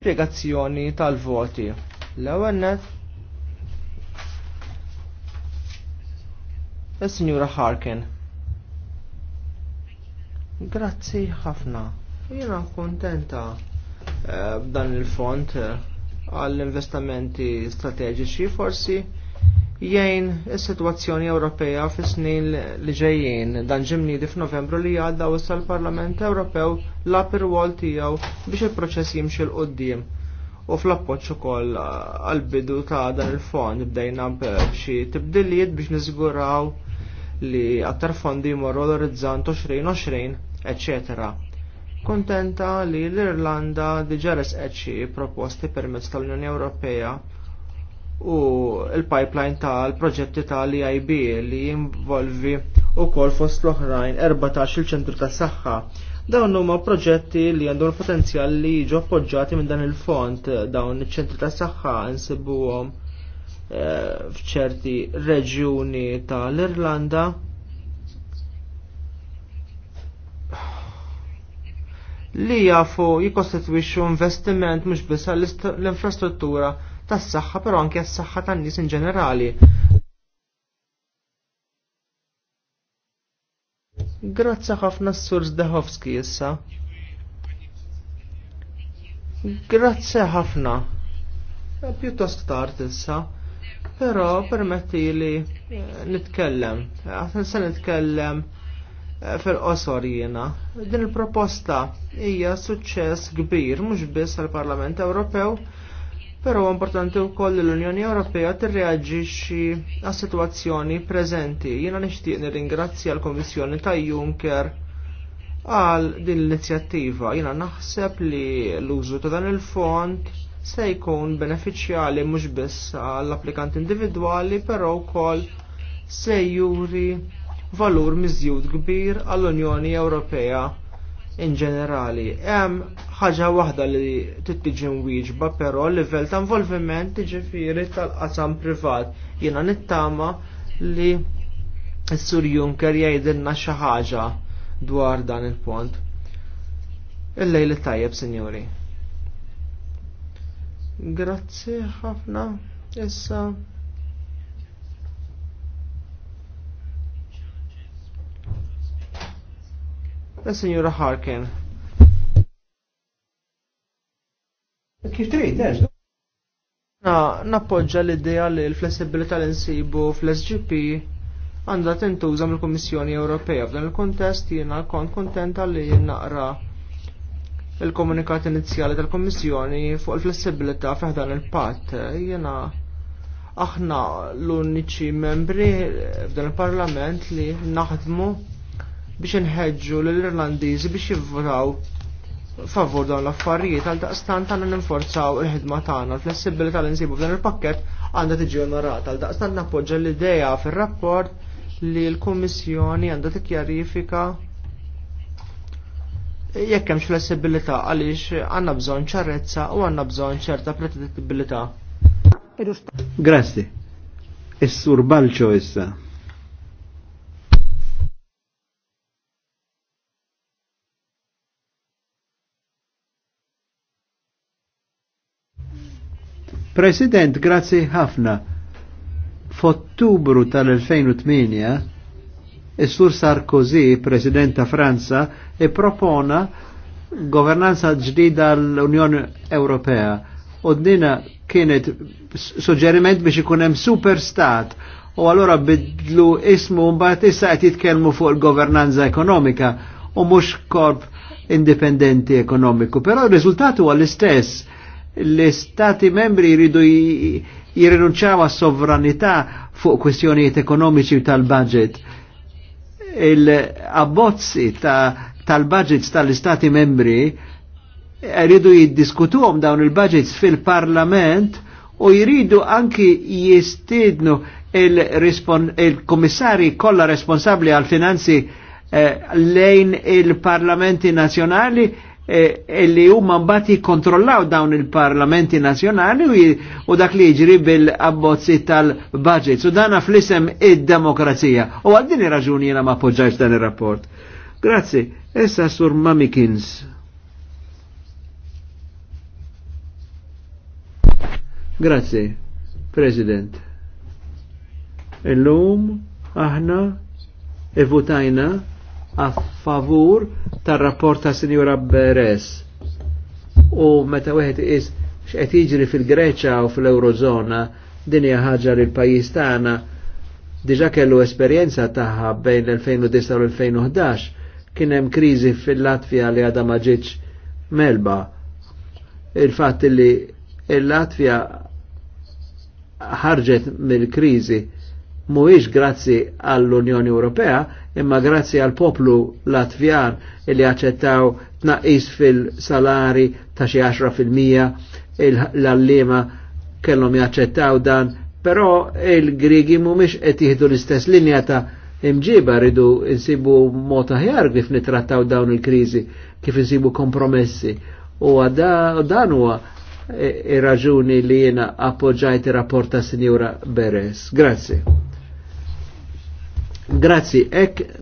spiegazzjoni tal-voti. L-ewwel net is-Sinjura Harkin. Grazzi ħafna. Jiena kontenta eh, b'dan il-font eh, għall-investamenti strateġiċi forsi jgħin is-sitwazzjoni Ewropea fis-snin li ġejjin. Dan ġimnidi f'Novembru li għadda issa l-Parlament Ewropew lab ir-rwol tiegħu biex il-proċess jimxi l qoddim U fl-appoġġ ukoll uh, għall-bidu ta' dan il-fond bdejna b'xi tibdiliet biex niżguraw li aktar fondi jmorru l-orizzont 2020, etc. Kontenta li l-Irlanda diġa resqet xi proposti permezz tal-Unjoni Ewropea u il-pipeline tal-proġetti tal-IIB li jinvolvi u kol fost l-oħrajn 14 il-ċentru tas saħħa Dawn huma proġetti li għandhom potenzjal li jiġu appoġġjati minn dan il-fond dawn iċ-ċentri tas saħħa nsibuhom eh, f'ċerti reġjuni tal-Irlanda li jafu jikostitwixxu investiment mhux biss l-infrastruttura tas-saħħa però anke għas-saħħa tan-nies in ġenerali. Grazzi ħafna s-sur Zdechowski issa. Grazzi ħafna. Pjuttost tard issa. Però permetti li eh, nitkellem. Eh, għasen se nitkellem eh, fil-qosor jiena. Din il-proposta hija suċċess kbir mhux biss għall-Parlament Ewropew Però importanti wkoll li l-Unjoni Ewropea tirreaġixxi għas sitwazzjoni preżenti. Jiena nixtieq nirringrazzja l-Komissjoni ta' Juncker għal din l-inizjattiva. Jiena naħseb li l-użu ta' dan il-fond se jkun benefiċjali mhux biss għall-applikant individwali, però wkoll se juri valur miżjud kbir għall-Unjoni Ewropea in ġenerali. Hemm ħaġa waħda li tittiġi wieġba però livell ta' involviment tiġifieri tal-qasam privat. Jiena nittama li s-Sur Juncker jgħidilna xi ħaġa dwar dan il-pont. Il-lejli tajjeb, sinjuri. Grazzi ħafna. Issa Signora Harkin. Kif trid, eh? Na, nappoġġa l-idea li l-flessibilità li nsibu fl-SGP għandha tintuża mill-Kummissjoni Ewropea. F'dan il-kontest jiena kont kontenta li naqra il-komunikat inizjali tal-Kummissjoni fuq il-flessibilità f'dan il-patt. Jiena aħna l-uniċi membri f'dan il-Parlament li naħdmu biex inħeġġu l-Irlandiżi biex jivvotaw favur dawn l-affarijiet għal daqstant għandna ninforzaw il-ħidma tagħna, l-flessibilità li nsibu f'dan il-pakkett għandha tiġi onorata għal daqstant nappoġġa l-idea fir-rapport li l-Kummissjoni għandha tikkjarifika jekk hemmx flessibilità għaliex għandna bżonn ċarrezza u għandna bżonn ċerta predittibilità. Grazzi. Is-sur Balċo issa. President, grazzi ħafna. F'Ottubru tal-2008, is-Sur Sarkozy, President ta' Franza, e propona governanza ġdida l-Unjoni Ewropea. U dina kienet suġġeriment biex ikun hemm superstat u allora bidlu ismu mbagħad issa qed jitkellmu fuq il-governanza ekonomika u mhux korp indipendenti ekonomiku. Però r-riżultat huwa l-istess l-istati membri jridu jirrinunċaw għas sovranità fuq kwestjonijiet ekonomiċi tal-budget. Il-abbozzi tal budget ta tal-istati membri jridu għom dawn il budget fil-parlament u jridu anki jistidnu il-komissari kolla responsabli għal-finanzi eh, lejn il-parlamenti nazjonali illi e, e huma mbagħad jikkontrollaw dawn il-parlamenti nazzjonali u dak li jiġri bil-abbozzi tal-budget. U dana fl-isem id-demokrazija. U għal raġuni jiena ma appoġġajx dan ir-rapport. Grazzi. Issa sur Mamikins. Grazzi, President. Illum aħna evutajna a favur tar-rapport ta' Sinjura Beres. U meta wieħed is x'qed jiġri fil-Greċja u fil-Eurozona din hija ħaġa li l-pajjiż tagħna diġà kellu esperjenza tagħha bejn l-2009 u l-2011 kien hemm kriżi fil-Latvja li għadha ma ġietx melba. Il-fatt li l-Latvja ħarġet mill-kriżi mhuwiex grazzi għall-Unjoni Ewropea, imma grazzi għall poplu Latvjan li aċċettaw tnaqqis fil-salari ta' xi 10% l-allima kellhom jaċċettaw dan, però il-Grigi mhumiex qed jieħdu l-istess linja ta' imġiba rridu insibu mod aħjar kif nitrattaw dawn il-kriżi, kif insibu kompromessi. U dan huwa eh, ir-raġuni li jiena appoġġajt ir-rapport ta' Sinjura Beres. Grazzi. Grazzi, ek